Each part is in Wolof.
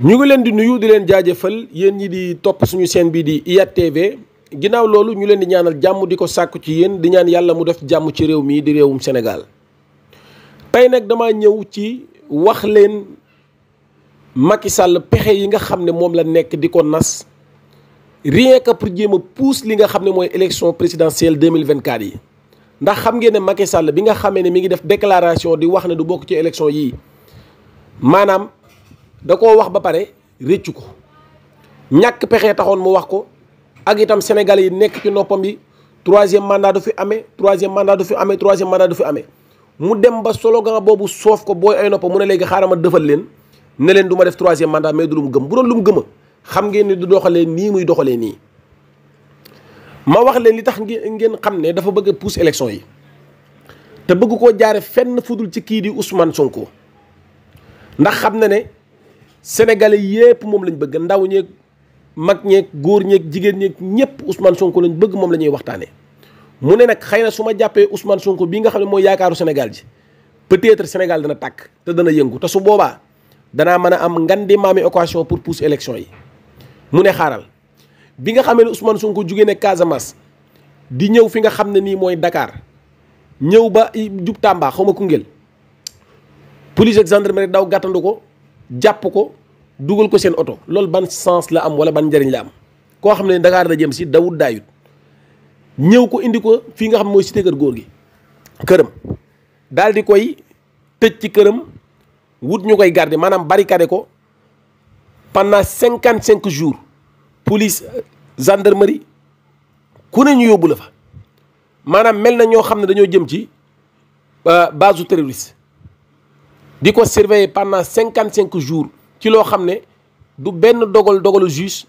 ñu ngi leen di nuyu di leen jaajëfal yéen ñi di topp suñu chaîne bii di IYAT TV ginnaaw loolu ñu leen di ñaanal jàmm di ko sàkku ci yéen di ñaan yàlla mu def jàmm ci réew mii di réewum senegal tey nag dama ñëw ci wax leen Macky Sall pexe yi nga xam ne moom la nekk di ko nas rien que pour jéem a pousse li nga xam ne mooy élection présidentielle 2024 yi ndax xam ngeen ne Macky Sall bi nga xamee ne mi ngi def déclaration di wax ne du bokk ci élection yii maanaam da koo wax ba pare réccu ko ñàkk pexe taxoon mu wax ko ak itam sénégalais yi nekk ci noppam bi troisième mandat du fi amee troisième mandat du fi amee troisième mandat du amee mu dem ba solo slogan boobu soof ko booy ay noppam mu ne léegi xaaral ma defal leen ne leen du ma def troisième mandat mais du lu mu gëm bu doon lu mu gëma xam ngeen ni du doxalee nii muy doxalee nii ma wax leen li tax ngeen xam ne dafa bëgg a pousse élection yi te bëgg koo jaare fenn fudul ci kii di Ousmane Sonko ndax xam na ne sénégalais yépp moom lañ bëgg ndaw ñeeg mag ñeeg góor ñeek jigéen ñeeg ñëpp Ousmane Sonko lañ bëgg moom la ñuy waxtaanee mu ne nag xëy na su ma jàppee Ousmane Sonko bii nga xam ne mooy yaakaaru Sénégal ji peut-être Sénégal dana tàkk te dana yëngu te su boobaa danaa mën a am ngan di maami occasion pour pousser élection yi mu ne xaaral bi nga xamee ne Ousmane Sonko jugee ne Casamance di ñëw fi nga xam ne nii mooy dakaar ñëw ba jub Tamba xaw ma Koungheul police ak gendarmerie daw gàttandu ko jàpp ko dugal ko seen oto loolu ban sens la am wala ban njëriñ la am koo xam ne Dakar la jëm si dawut daayut ñëw ko indi ko fii nga xam mooy cité kër góor gi këram daal di koy tëj ci këram wut ñu koy garder maanaam barricade ko pendant cinquante cinq jours police gendarmerie ku ne ñu yóbbu la fa maanaam mel na ñoo xam ne dañoo jëm ci euh, base terroriste di ko surveiller pendant cinquante cinq jours ci loo xam ne du benn dogal dogalu juge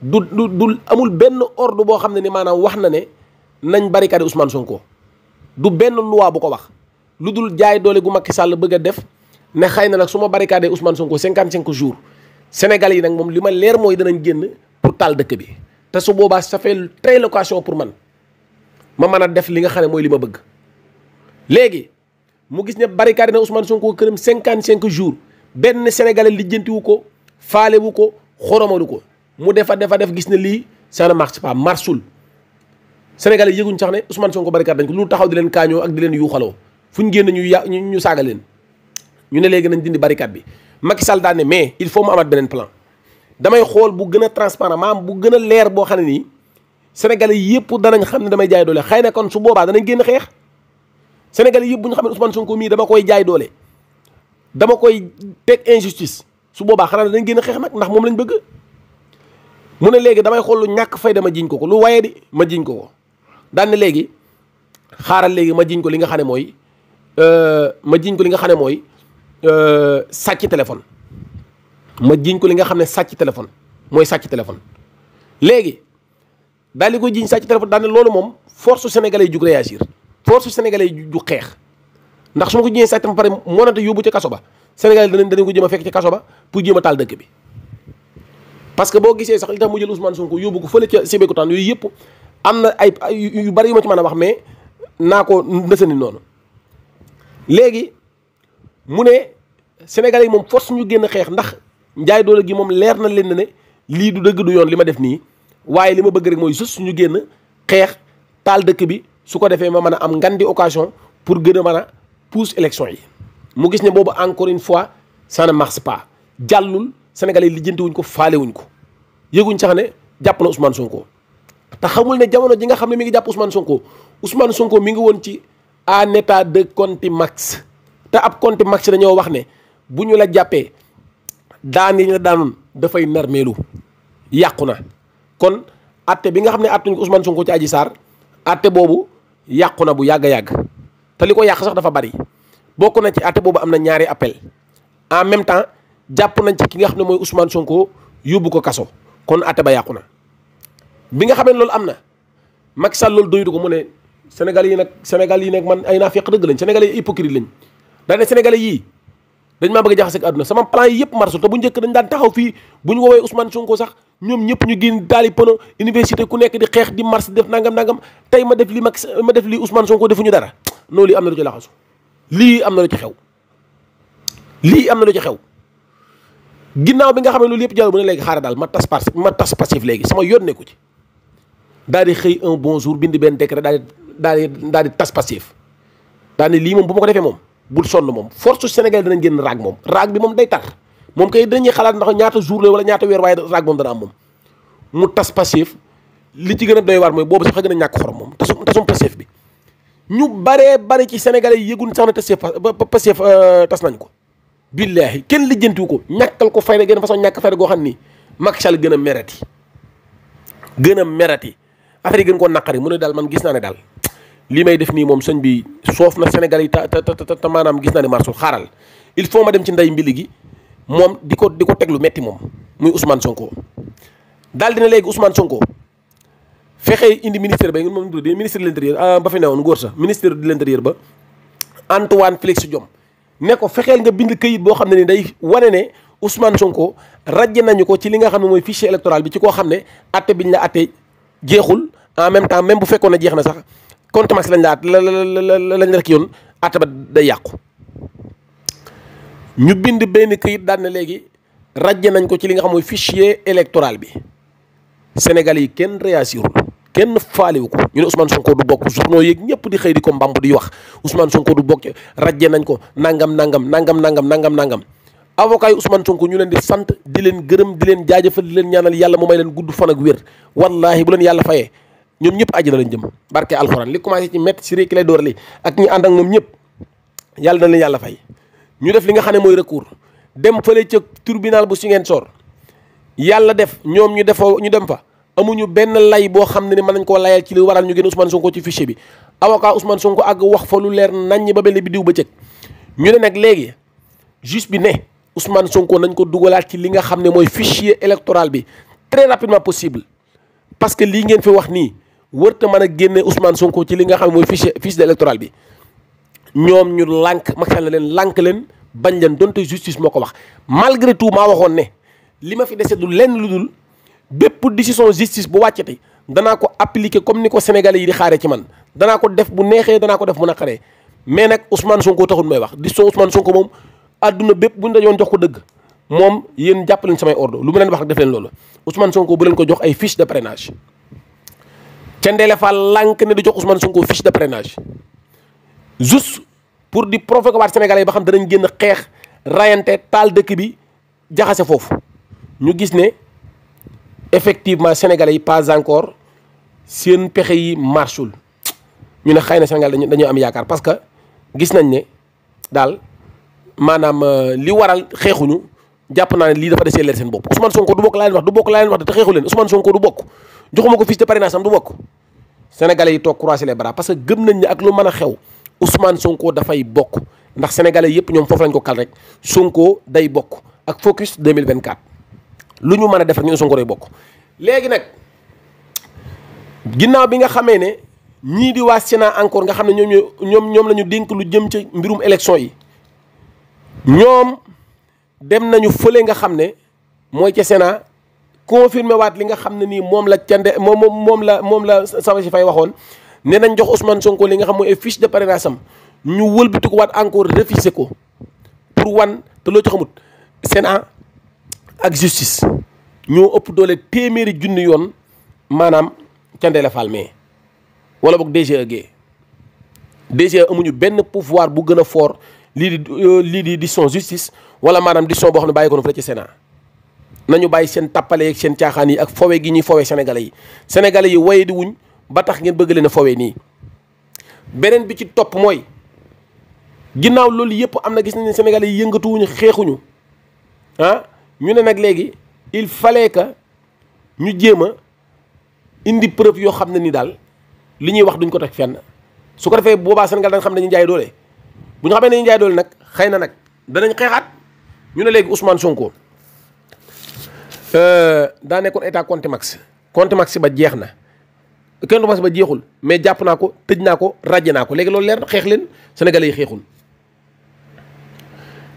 du du du amul benn ordre boo xam ne ni maanaam wax na ne nañ barricade Ousmane Sonko du benn loi bu ko wax lu dul jaay doole gu Macky Sall bëgg a def ne xëy na nag su ma barricade Ousmane Sonko cinquante cinq jours Sénégal yi nag moom li ma leer mooy danañ génn pour taal dëkk bi te su boobaa ça fait pour man ma mën a def li nga xam ne mooy li ma bëgg léegi. mu gis ne barricade na Ousmane Sonko këram cinquante cinq jours benn sénégalais lijjantiwu ko faalewu ko xoromalu ko mu defa defa def gis ne lii ça ne marche pas marsul sénégalais yëguñ sax ne Ousmane Sonko barricade dañ ko lu taxaw di leen kaañoo ak di leen yuuxaloo fu ñu génn ñu ya ñu saaga leen ñu ne léegi nañ dindi barricade bi Macky Sall mais il faut mu amaat beneen plan damay xool bu gën a transparent maam bu gën a leer boo xam ne nii sénégalais yëpp danañ xam ne damay jaay doole xëy na kon su boobaa danañ génn xeex sénégal yëpp bu ñu xam xamee Ousmane ko mii dama koy jaay doole dama koy teg injustice su boobaa xanaa dañ gën xeex nag ndax moom lañ bëgg mu ne léegi damay xool lu ñàkk fayda ma jiñ ko ko lu waye ma jiñ ko ko daan léegi xaaral léegi ma jiñ ko li nga xam ne mooy euh, ma jiñ ko li nga xam ne mooy euh, sàcc téléphone ma jiñ ko li nga xam ne sàcc téléphone mooy sàcc téléphone léegi daal di ko jiñ sàcc téléphone daan loolu moom force sénégalais yi jug réagir force sénégalais yi ju xeex ndax su ma ko jiyee sàcc ba pare moonante yóbbu ca kaso ba sénégalais danañ danañ ko jéem a fekk ca kaso ba pour jéem a taal dëkk bi parce que boo gisee sax li tax mu jël Ousmane Sonko yóbbu ko fële ca Sébikotane yooyu yëpp am na ay yu bari yu mën a wax mais naa ko ndësani noonu léegi mu ne sénégalais yi moom force ñu génn xeex ndax njaay doole gi moom leer na leen ne lii du dëgg du yoon li ma def nii waaye li ma bëgg rek mooy juste suñu génn xeex taal dëkk bi su ko defee ma mën a am ngan di occasion pour gën a mën a pousse élection yi mu gis ne boobu encore une fois ça ne pas jàllul sénégalais lijjanti wuñ ko faale wuñ ko yëguñ sax ne jàpp na Ousmane Sonko te xamul ne jamono ji nga xam ne mu ngi jàpp Ousmane Sonko Ousmane Sonko mi ngi woon ci en état de contumace te ab contumace dañoo wax ne bu ñu la jàppee daan yi ñu la daanoon dafay narmeelu yàqu na kon atte bi nga xam ne attuñ ko Ousmane Sonko ci Adji Sarr atte boobu yàqu na bu yàgg a yàgg te li ko yàq sax dafa bari bokk na ci àtte boobu am na ñaari appel en même temps jàpp nañ ci ki nga xam ne mooy Ousmane Sonko yóbbu ko kaso kon àtte ba yàqu na bi nga xamee loolu am na Macky lool loolu doyutu ko mu ne Sénégal yi nag senegal yi nag man ay naa naafiq dëgg lañ Sénégal yi hypocrite lañ daanaka yii. dañ maa bëgg a jaxase ak àdduna sama plan yi yëpp marsul te bu njëkk dañ daan taxaw fii bu ñu woowee Ousmane Sonko sax ñoom ñëpp ñu génn daali pono université ku nekk di xeex di marche def nangam nangam tey ma def li ma ma def li Ousmane Sonko defuñu dara non lii am na lu ci laxasu lii am na lu ci xew lii am na lu ci xew ginnaaw bi nga xam ne loolu yëpp jaru bu ne léegi xaaral daal ma tas passif ma tas passif léegi sama yoon nekku ci daal di xëy un bon jour bind benn décret daal di daal di daal di tas passif daal ne lii moom bu ma ko defee moom bul sonn moom force Sénégal danañ génn raag moom raag bi moom day tar moom kay dañuy xalaat ndax ñaata jour la wala ñaata weer waaye raag moom dana am moom mu tas passif li ci gën a doy waar mooy boobu sax a gën a ñàkk xorom moom tasum tasum passif bi ñu baree bari ci sénégalais yi yëgun sax ne tasif passif euh, tas nañ ko billaahi kenn lijjantiwu ko ñàkkal ko fayda gën façon ñàkk fayda goo xam ni Macky Sall gën a merati gën a merati affaire yi gën koo naqari mu ne daal man gis naa ne daal lii may def nii moom sëñ bi soof na Sénégal yi ta ta ta maanaam gis naa ne marsul xaaral il faut ma dem ci nday mbili gi moom di ko di ko teg lu metti moom muy Ousmane Sonko daal na léegi Ousmane Sonko fexe indi ministère ba moom tuddee ministre de l'intérieur ah, ba fi newoon góor sax ministre de l'intérieur ba Antoine Félix Diome ne ko fexeel nga bind këyit boo xam ne ni day wane ne Ousmane Sonko rajje nañu ko ci li nga xam ne mooy fichier électoral bi ci koo xam ne atte biñ la atte jeexul en même temps même bu fekkoon ne jeex na sax contumace lañ laat la lañ rek yoon atta ba day yàqu ñu bind benn këyit daan na léegi rajje nañ ko ci li nga xam mooy fichier électoral bi Sénégal yi kenn réassurul kenn faaliwu ko ñu ne Ousmane Sonko du bokk journaux yeeg ñëpp di xëy di ko mbamb di wax Ousmane Sonko du bokk rajje nañ ko nangam nangam nangam nangam nangam nangam avocat yi Ousmane Sonko ñu leen di sant di leen gërëm di leen jaajëfal di leen ñaanal yàlla mu may leen gudd fan ak wér wallaahi bu leen yàlla fayee ñoom ñëpp àjjana lañ jëm barke alxuraan li commencé ci métti si réeki lay door li ak ñi ànd ak moom ñëpp yàlla na leen yàlla fay ñu def li nga xam ne mooy recours dem fële ca tribunal bu si ngeen soor yàlla def ñoom ñu defoo ñu dem fa amuñu benn lay boo xam ne ni mën nañ koo layal ci li waral ñu génn Ousmane Sonko ci fichier bi avocat Ousmane Sonko ak wax fa lu leer naññ ba benn bi diw ba cëg ñu ne nag léegi juge bi ne Ousmane Sonko nañ ko dugalaat ci li nga xam ne mooy fichier électoral bi très rapidement possible parce que lii ngeen fi wax nii wërta man a génne Ousmane Sonko ci li nga xam mooy fiche fiche électorale bi ñoom ñu lànk Macky Sall leen lànk leen bañ leen donte justice moo ko wax malgré tout maa waxoon ne li ma fi dese du lenn lu dul bépp décision justice bu wàccati danaa ko appliquer comme ni ko sénégalais yi di xaaree ci man danaa ko def bu neexee danaa ko def bu naqaree mais nag Ousmane Sonko taxul may wax décision Ousmane Sonko moom àdduna bépp bu ñu dañoon jox ko dëgg moom yen jàpp leen samay ordre lu mu leen wax def leen loolu Ousmane Sonko bu leen ko jox ay fiche de ca Ndéla lank lànk ne du jox Ousmane Sonko fiche de parrainage juste pour di provoquer waat Sénégalais yi ba xam danañ génn xeex rayante taal dëkk bi jaxase foofu ñu gis ne effectivement Sénégalais yi pas encore seen pexe yi marchul ñu ne xëy na Sénégal dañu dañoo am yaakaar parce que gis nañ ne daal maanaam euh, li waral xeexuñu jàpp naa ne lii dafa desee leer seen bopp Ousmane Sonko du bokk laa leen wax du bokk laa leen wax te xeexu leen Ousmane Sonko du bokk. joxuma ko fiche de parrainage am du bokk sénégalais yi toog croiser les bras parce que gëm nañ ne ak lu mën a xew Ousmane Sonko dafay bokk ndax sénégalais yëpp ñoom foofu lañ ko kal rek Sonko day bokk ak focus 2024 lu ñu mën a def rek ñu ne Sonko day bokk. léegi nag ginnaaw bi nga xamee ne ñii di waa Sénat encore nga xam ne ñoom ñoom ñoom la ñu dénk lu jëm ci mbirum élection yi ñoom dem nañu fële nga xam ne mooy ca Sénat. confirmé waat li nga xam ne nii moom la cande moom moom la moom la sama si fay waxoon nee nañ jox Ousmane Sonko li nga xam mooy fiche de parrainage am ñu wëlbatiku waat encore refusé ko pour wan te loo ci xamut Sénat ak justice ñoo ëpp doole téeméeri junni yoon maanaam Thiendella Fall mais wala boog DGE gee DGE amuñu benn pouvoir bu gën a fort lii di euh, lii di di justice wala maanaam di son boo xam ne bàyyi ko na fa ci Sénat nañu bàyyi seen tappale yeeg seen caaxaan yi ak fowe gi ñuy fowe sénégalais yi sénégalais yi waye di wuñ ba tax ngeen bëgg leen a nii beneen bi ci topp mooy ginnaaw loolu yëpp am na gis nañ ne sénégalais yi yëngatuwuñu xeexuñu ah ñu ne nag léegi il fallait que ñu jéem a indi preuve yoo xam ne ni daal li ñuy wax duñ ko teg fenn su ko defee boobaa Sénégal da nga xam ne dañuy jaay doole bu ñu xamee ne dañuy doole nag xëy na nag danañ xeexaat ñu ne léegi Ousmane Sonko. daa nekkoon état compte max compte max ba jeex na kenn du ba jeexul mais jàpp naa ko tëj naa ko raje naa ko léegi loolu leer xeex leen sénégalais yi xeexul.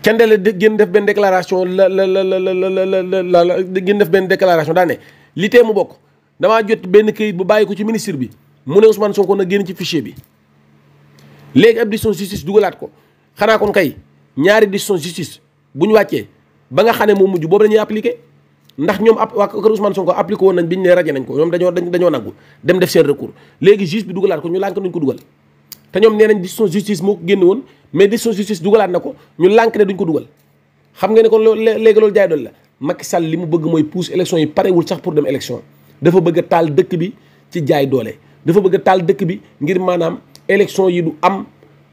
Thiendella gën def benn déclaration la la la la la la la la gën def benn déclaration daa ne li tee mu bokk damaa jot benn këyit bu bàyyi ko ci ministre bi mu ne Ousmane Sonko na génn ci fichier bi léegi ab décision justice dugalaat ko xanaa kon kay ñaari décision justice bu ñu wàccee ba nga xam ne moom mujj boobu la ñuy ndax ñoom ab waa kër Ousmane Sonko appliqué woon nañ bi ñu ne raje nañ ko ñoom dañoo dañoo nangu dem def seen recours léegi juge bi dugalaat ko ñu lànk nee nañ décision justice moo ko génn woon mais décision justice dugalaat na ko ñu lànk ne duñ ko dugal xam nga ne kon loolu léegi loolu jaay doon la Macky Sall li mu bëgg mooy pousse élection yi parewul sax pour dem élection dafa bëgg a taal dëkk bi ci jaay doole dafa bëgg taal dëkk bi ngir maanaam élection yi du am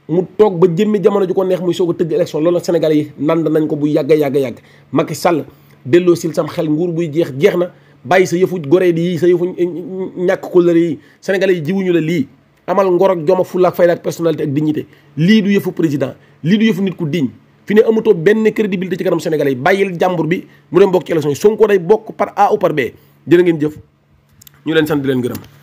mu toog ba jëmmi jamono ju ko neex muy soo a tëgg élection loolu Sénégal yi nand nañ ko bu yàgg yàgg yàgg Macky Sall delloo sil sam xel nguur buy jeex jeex na bàyyi sa yëfu goree di yii sa yëfu ñàkk kóllëre yi sénégalais yi jiwuñu la lii amal ngor ak jom ak fulla ak fayda ak personnalité ak dignité lii du yëfu président lii du yëfu nit ku digne fi ne amatoo benn crédibilité ci kanam sénégalais bàyyil jàmbur bi mu dem bokk ci élection yi ko day bokk par A ou par B jërë ngeen jëf ñu leen sant di leen gërëm